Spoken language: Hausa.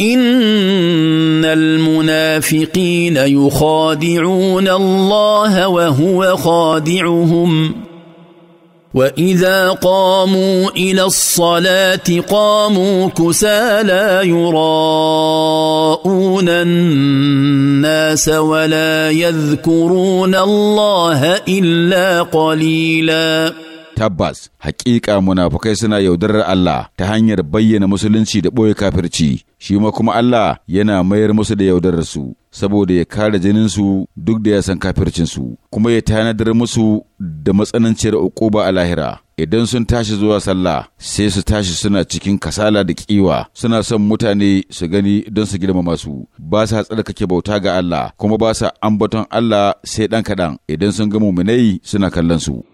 ان المنافقين يخادعون الله وهو خادعهم واذا قاموا الى الصلاه قاموا كسى لا يراءون الناس ولا يذكرون الله الا قليلاً tabbas hakika munafukai suna yaudarar Allah ta hanyar bayyana musulunci da ɓoye kafirci shi ma kuma Allah yana mayar musu da yaudarar su saboda ya kare jinin su duk da ya san kafircin su kuma ya tanadar musu da matsananciyar uquba a lahira idan sun tashi zuwa sallah sai su tashi suna cikin kasala da kiwa suna son mutane su gani don su girmama su ba sa tsarkake bauta ga Allah kuma ba sa ambaton Allah sai dan kaɗan idan sun ga muminai suna kallon su